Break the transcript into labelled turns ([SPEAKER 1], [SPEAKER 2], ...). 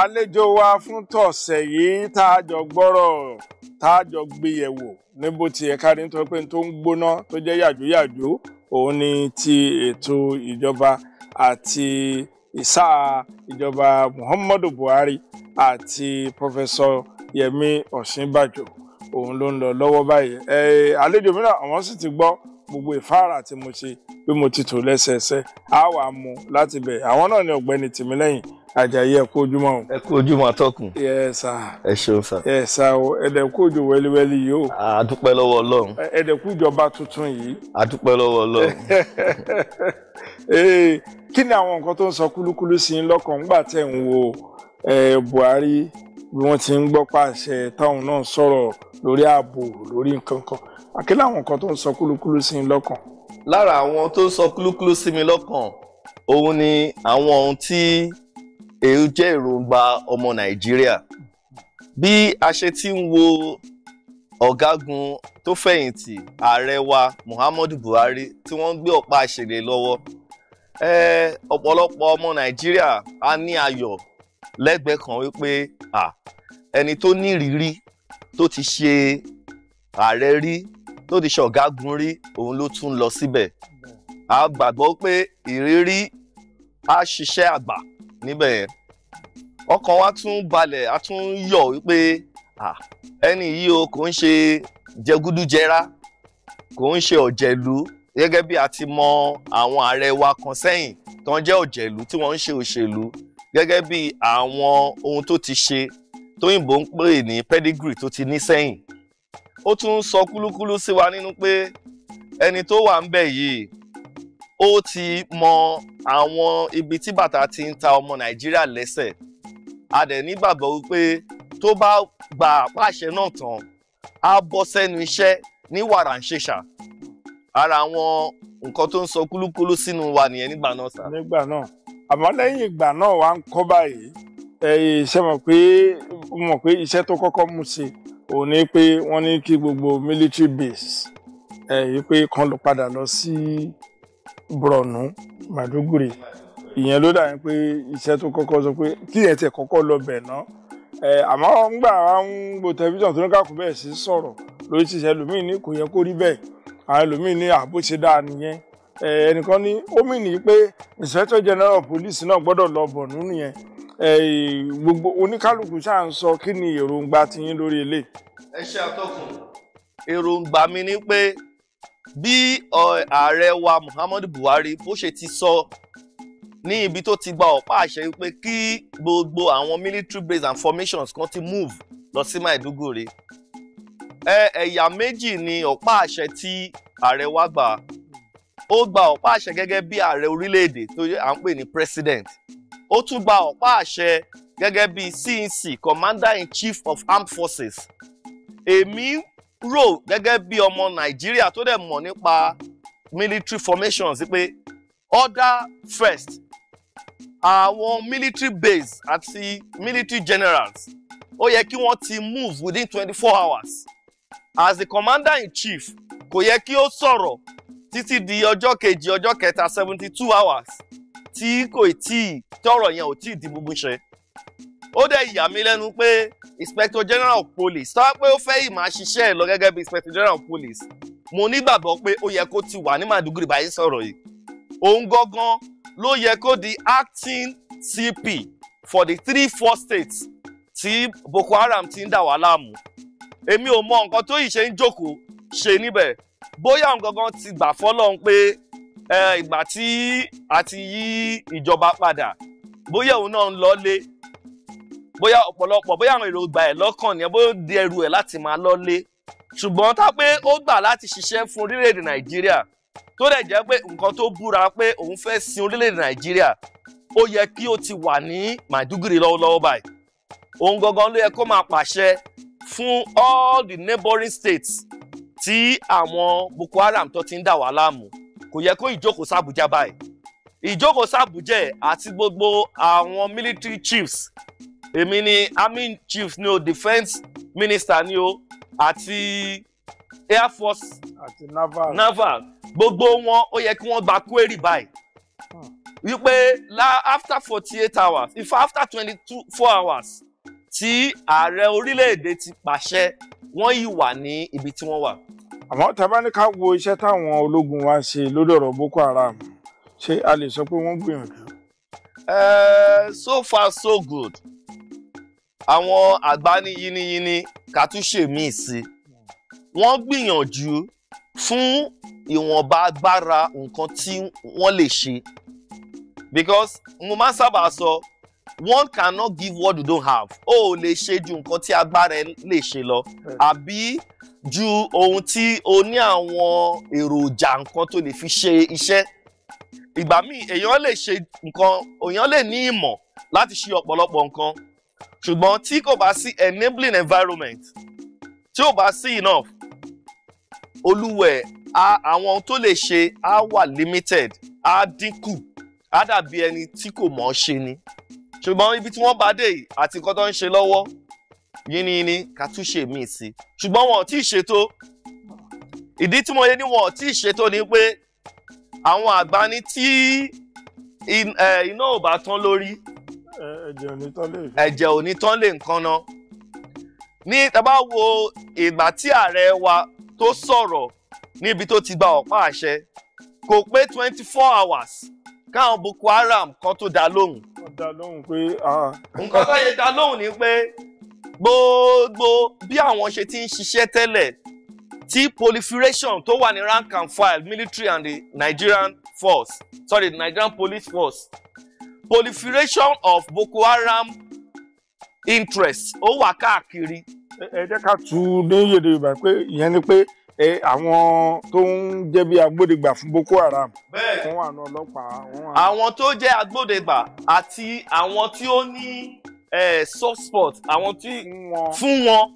[SPEAKER 1] àlejò wa fún tọ̀sẹ̀ yìí tá a jọ gbọ́rọ̀ tá a jọ gbéyẹ̀wò ní bó ti ẹ̀ka ní tó pé tó ń gbóná tó jẹ́ yàjóyàjó òun ni ti ètò ìjọba àti ìsá ìjọba Muhammadu Buhari àti Professor Yẹmi Ọ̀ṣínbàjò òun ló ń lọ lọ́wọ́ báyìí àlejò mìíràn àwọn sì ti gbọ́ gbogbo ìfáàrà tí mo ṣe pé mo ti tò lẹ́sẹẹsẹ á wà á mu láti bẹ̀ àwọn náà ni ọ̀gbẹ́ni Tìmílẹ́yìn Àjàyí ẹ kú ojúmọ́ o. ẹ kú ojúmọ́ atọ́kùn. yẹ sà. ẹ ṣeun sà. yẹ sà o ẹdẹkú òjò wẹliwẹli yìí o. a dúpẹ́ lọ́wọ́ Ọlọ́run. ẹdẹkú tuntun yìí. a lọ́wọ́ Ọlọ́run. kí ni àwọn nǹkan tó ń sọ kúlúkúlú sí i lọ́kàn ńgbà tẹ̀ ń wo Buhari bí wọ́n ti ń gbọ́ pàṣẹ táwọn náà sọ̀rọ̀ lórí ààbò lórí nǹkan kan àkílẹ̀ àwọn nǹkan tó ń sọ kúlúkúlú sí mi lọ́kàn.
[SPEAKER 2] lára àwọn tó ń sọ kúlúkúlú sí mi lọ́kàn òun ni àwọn ohun tí èyí jẹ́ èròǹgbà ọmọ nàìjíríà bí a ṣe ti ń wo ọ̀gágun tó fẹ̀yìntì ààrẹ wa muhammadu buhari tí wọ́n ń gbé ọ̀pá àṣèré lọ́wọ́ ọ̀pọ̀lọpọ̀ ọmọ nàìjíríà á ní ayọ̀ lẹ́gbẹ̀ẹ́ kan wípé ẹni tó ní ìrírí tó ti ṣe ààrẹ rí tó ti ṣe ọ̀gágun rí òun ló tún lọ síbẹ̀ a gbàgbọ́ pé ìrírí á ṣiṣẹ́ àgbà níbẹ̀ yẹn ọkàn wa tún balẹ̀ a tún yọ̀ wípé ẹni yìí o kò ń ṣe jẹgúdújẹrá kò ń ṣe ọ̀jẹ̀lú gẹ́gẹ́ bí a ti mọ àwọn ààrẹ wa kan sẹ́yìn tó ń jẹ́ ọ̀jẹ̀lú tí wọ́n ń ṣe òṣèlú gẹ́gẹ́ bí àwọn ohun tó ti ṣe tóyìnbó ń pè ní pedigree tó ti ní sẹ́yìn ó tún ń sọ kúlúkúlú sí wa nínú pé ẹni tó wà ń bẹ̀ yìí ó ti mọ àwọn ibi tí bàtà ti ń ta ọmọ nàìjíríà lẹ́sẹ̀ a dẹ̀ nígbàgbọ́ wípé tó bá gba àpáṣẹ náà tán á bọ́ sẹ́nu iṣẹ́ ní wàrà ń ṣèṣà ara àwọn
[SPEAKER 1] nǹkan tó ń sọ kúlúkúlú sínú wa nìyẹn nígbà náà sá. nígbà náà àmọ́ lẹ́yìn ìgbà náà wà ń kọ́ báyìí ẹ ṣe mọ̀ pé mọ̀ pé iṣẹ́ tó kọ́kọ́ mú ṣe ó n'i pé wọ́n ní kí gbogbo military base ẹ̀ yìí pé kan lọ padà lọ sí Borno Maiduguri ìyẹn ló dà ní pé iṣẹ́ tó kọ́kọ́ sọ pé kí ẹ̀ tẹ̀ kọ́kọ́ lọ bẹ̀ náà àmọ́ ngbà wọn ń gbo tẹlifíṣàn tó ní ká kó bẹ́ẹ̀ sí sọ̀rọ̀ lórí ṣiṣẹ́ lómìn ní kò yẹ kó rí bẹ́ẹ̀ àwọn lómìn ní ààbò ṣe dáa nìyẹn ẹnìkan ní ó mì ní pé inspector general of police náà gbọ́dọ̀ lọ bọ̀ nínú yẹn gbogbo oníkálukú ṣáà ń sọ kí ni èròǹgbà tiyín lórí ilé.
[SPEAKER 2] ẹ ṣe àtọkùn èròǹgbà mi ni pé bí ààrẹ wa Muhammadu Buhari bó ṣe ti sọ ní ibi tó ti gba ọ̀pá àṣẹ pé kí gbogbo àwọn military base and formations kan ti move lọ sí Maiduguri ẹ̀yà méjì ni ọ̀pá àṣẹ tí ààrẹ wa gbà ó gba ọ̀pá àṣẹ gẹ́gẹ́ bí ààrẹ orílẹ̀-èdè tó à ń pè ní president ó tún gba ọ̀pá àṣẹ gẹ́gẹ́ bí CNC commander in chief of armed forces èmi rò gẹ́gẹ́ bí ọmọ nàìjíríà tó dẹ̀ mọ̀ nípa military formations pé order first àwọn military base àti military generals ó yẹ kí wọ́n ti move within twenty four hours as the commander in chief kò yẹ kí ó sọ̀rọ̀ títí di ọjọ́ kejì ọjọ́ kẹta seventy two hours tí kò tí ì tọ̀rọ̀ yẹn ò tí ì di gbogbo ṣe ó dẹ̀ yà mí lẹ́nu pé inspector general of police sọ pé ó fẹ́ ìmọ̀ àṣìṣe ẹ̀ lọ gẹ́gẹ́ bí inspector general of police mo nígbàgbọ́ pé ó yẹ kó ti wà ní Maiduguri báyìí sọ̀rọ̀ yìí òun gangan ló yẹ kó di acting CP for the three four states tí Boko Haram ti ń dà wá láàmú èmi ò mọ nǹkan tó yìí ṣe ń jókòó ṣe níbẹ̀ bóyá òun gangan ti gbà fọ́lọ́run pé ìgbà tí a ti yí ìjọba padà bóyá òun náà ń lọ́lé bóyá ọ̀pọ̀lọpọ̀ bóyá àwọn èrò gbà ẹ̀ lọ́kàn ni bóyá ó di ẹrù ẹ̀ láti máa lọ́lé ṣùgbọ́n tá pé ó gbà láti ṣiṣẹ́ fún orílẹ̀-èdè nàìjíríà tó dẹ̀ jẹ́ pé nǹkan tó búra pé òun fẹ́ sin orílẹ̀-èdè nàìjíríà ó yẹ kí ó ti wà ní Maiduguri lọ́wọ́lọ́wọ́ báyìí òun gangan ló yẹ kó máa pàṣẹ fún all the neighbouring states tí àwọn Boko Haram tó ti ń dà wá láàmú kò yẹ kó ìjókòó sàbújá báyìí ìjókòó sàbújá àti gbogbo àwọn military chiefs èmi ni army chiefs ni o defence minister ni o àti air force àti naval naval gbogbo wọn ó yẹ kí wọ́n gba query báyìí hmm. wípé la after forty eight hours if after twenty two four hours tí ààrẹ orílẹ̀-èdè ti pàṣẹ wọ́n yìí wà ní ibi tí wọ́n wà
[SPEAKER 1] àmọ́ tá a bá ní ká wo iṣẹ́ táwọn ológun wa ṣe lórí ọ̀rọ̀ Boko Haram ṣé a lè sọ pé wọ́n gbìyànjú.
[SPEAKER 2] so far so good àwọn àgbá ní yínníyínní ká tún ṣe míì sí wọ́n gbìyànjú fún ìwọ̀nba agbára nǹkan tí wọ́n lè ṣe because mo máa ń sábà sọ. So, one cannot give what you don't have o ò lè ṣe ju nǹkan tí agbára ẹ lè ṣe lọ hmm. àbí ju ohun tí o ní àwọn èròjà nǹkan tó lè fi ṣe iṣẹ́ ìgbà míì èèyàn lè ṣe nǹkan èèyàn lè ní ìmọ̀ láti ṣe ọ̀pọ̀lọpọ̀ nǹkan ṣùgbọ́n tí kò bá sí enabling environment tí ò bá sí enough olúwẹ̀ àwọn tó lè ṣe a wa limited a dínkù a dàbí ẹni tí kò mọ̀ ọ́ ni ṣùgbọ́n ibi tí wọ́n bá dé yìí àti nǹkan tó ń ṣe lọ́wọ́ yíní yíní ká tún ṣe míì sí ṣùgbọ́n wọn ò tí ì ṣètò ìdí tí mo yẹ ní wọn ò tí ì ṣètò ni pé àwọn àgbà ní tí iná ò bá tán lórí ẹ̀jẹ̀ ò ní tán lè nǹkan náà ní tá wo ìgbà tí ààrẹ wa tó sọ̀rọ̀ níbi tó ti gba ọ̀pá àṣẹ kò pé twenty four hours káwọn Boko Haram kan tó dá lóhùn
[SPEAKER 1] dá lóhùn pé.
[SPEAKER 2] nǹkan tó yẹ dá lóhùn ni pé gbogbo bí àwọn ṣe ti ń ṣiṣẹ́ tẹ́lẹ̀ tí proliferation tó wà ní rank and file military and the Nigerian force sorry the Nigerian police force proliferation of Boko Haram interest ó wà káàkiri.
[SPEAKER 1] ẹ jẹ́ ká tu ní yèdè Yorùbá pé ìyẹn ni pé àwọn tó ń jẹ́ bí agbódegbà fún Boko Haram
[SPEAKER 2] wọ́n wà ní ọlọ́pàá. àwọn tó jẹ́ agbódegbà àti àwọn tí ó ní soft spot àwọn tí fún
[SPEAKER 1] wọn